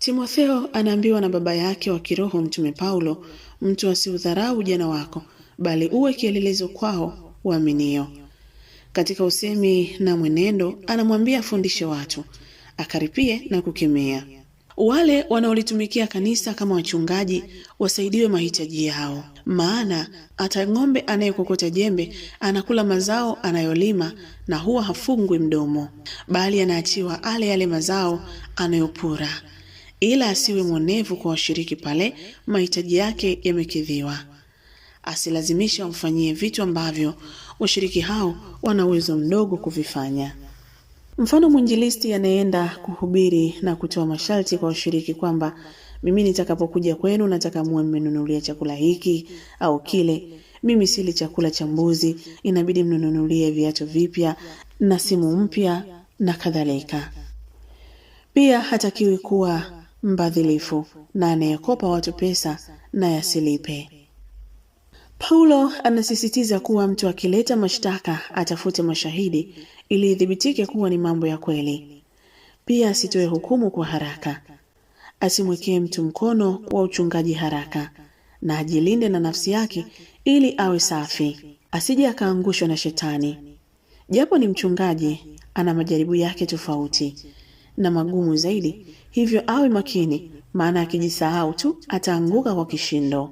Timotheo anaambiwa na baba yake wa kiroho Mtume Paulo, mtu asiudharau ujana wako, bali uwe kielelezo kwao waaminio. Katika usemi na mwenendo, anamwambia afundishe watu, akaripie na kukemea. Wale wanaolitumikia kanisa kama wachungaji wasaidiwe mahitaji yao, maana hata ng'ombe anayekokota jembe anakula mazao anayolima na huwa hafungwi mdomo, bali anaachiwa ale yale mazao anayopura ila asiwe mwonevu kwa washiriki pale mahitaji yake yamekidhiwa. Asilazimishe wamfanyie vitu ambavyo washiriki hao wana uwezo mdogo kuvifanya. Mfano, mwinjilisti anayeenda kuhubiri na kutoa masharti kwa washiriki kwamba mimi nitakapokuja kwenu nataka muwe mmenunulia chakula hiki au kile. Mimi sili chakula cha mbuzi, inabidi mnununulie viatu vipya na simu mpya na kadhalika. Pia hatakiwi kuwa mbadhilifu na anayekopa watu pesa na yasilipe. Paulo anasisitiza kuwa mtu akileta mashtaka atafute mashahidi ili ithibitike kuwa ni mambo ya kweli. Pia asitoe hukumu kwa haraka, asimwekee mtu mkono wa uchungaji haraka, na ajilinde na nafsi yake ili awe safi, asije akaangushwa na Shetani. Japo ni mchungaji, ana majaribu yake tofauti na magumu zaidi, hivyo awe makini, maana akijisahau tu ataanguka kwa kishindo.